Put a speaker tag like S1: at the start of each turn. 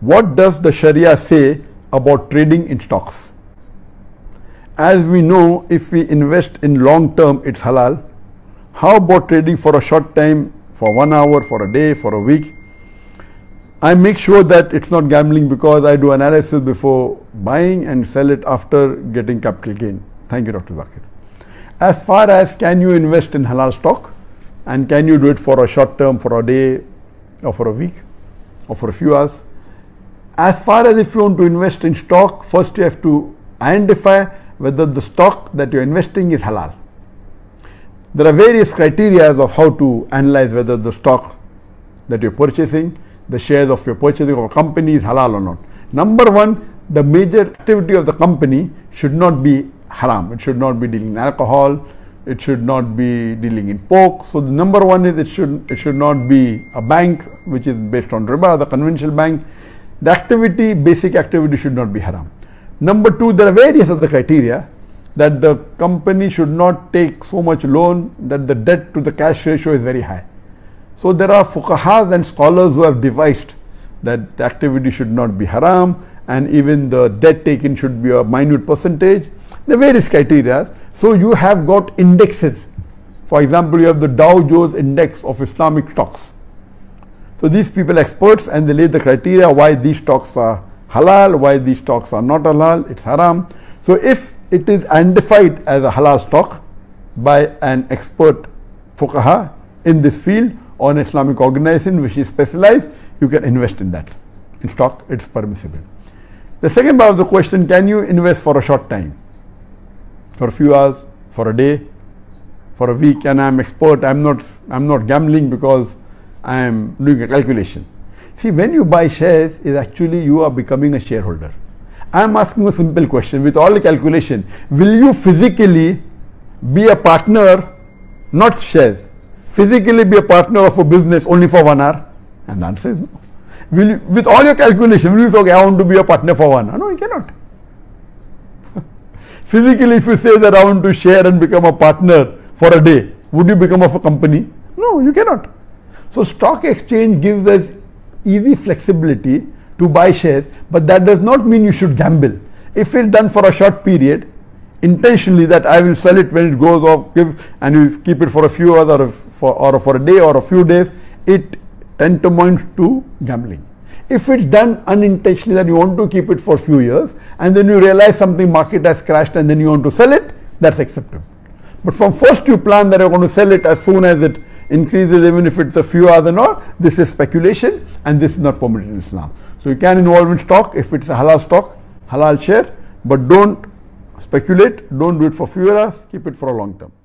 S1: what does the Sharia say about trading in stocks? As we know, if we invest in long term, it's halal. How about trading for a short time, for one hour, for a day, for a week? I make sure that it's not gambling because I do analysis before buying and sell it after getting capital gain. Thank you, Dr. Zakir. As far as can you invest in halal stock and can you do it for a short term, for a day, or for a week, or for a few hours? as far as if you want to invest in stock, first you have to identify whether the stock that you are investing is halal. There are various criteria of how to analyze whether the stock that you are purchasing, the shares of your purchasing of a company is halal or not. Number one, the major activity of the company should not be haram. It should not be dealing in alcohol. It should not be dealing in pork. So the number one is it should it should not be a bank which is based on riba, the conventional bank the activity, basic activity should not be haram. Number two, there are various other criteria that the company should not take so much loan that the debt to the cash ratio is very high. So there are fuqahas and scholars who have devised that the activity should not be haram and even the debt taken should be a minute percentage. There are various criteria. So you have got indexes. For example, you have the Dow Jones Index of Islamic stocks. So these people experts and they lay the criteria why these stocks are halal, why these stocks are not halal, it's haram. So if it is identified as a halal stock by an expert fuqaha in this field or an Islamic organization which is specialized, you can invest in that. In stock, it's permissible. The second part of the question, can you invest for a short time? For a few hours, for a day, for a week, and I'm expert, I'm not I'm not gambling because I am doing a calculation. See, when you buy shares, is actually you are becoming a shareholder. I am asking a simple question with all the calculation. Will you physically be a partner, not shares, physically be a partner of a business only for one hour? And the answer is no. Will you, with all your calculation, will you say, okay, I want to be a partner for one hour? No, you cannot. physically, if you say that I want to share and become a partner for a day, would you become of a company? No, you cannot. So stock exchange gives us easy flexibility to buy shares, but that does not mean you should gamble. If it's done for a short period, intentionally that I will sell it when it goes off, give and you keep it for a few hours or for, or for a day or a few days, it tends to gambling. If it's done unintentionally that you want to keep it for a few years and then you realize something market has crashed and then you want to sell it, that's acceptable. But from first you plan that you are going to sell it as soon as it increases even if it's a few hours and all. This is speculation and this is not permitted in Islam. So you can involve in stock if it's a halal stock, halal share, but don't speculate, don't do it for few hours, keep it for a long term.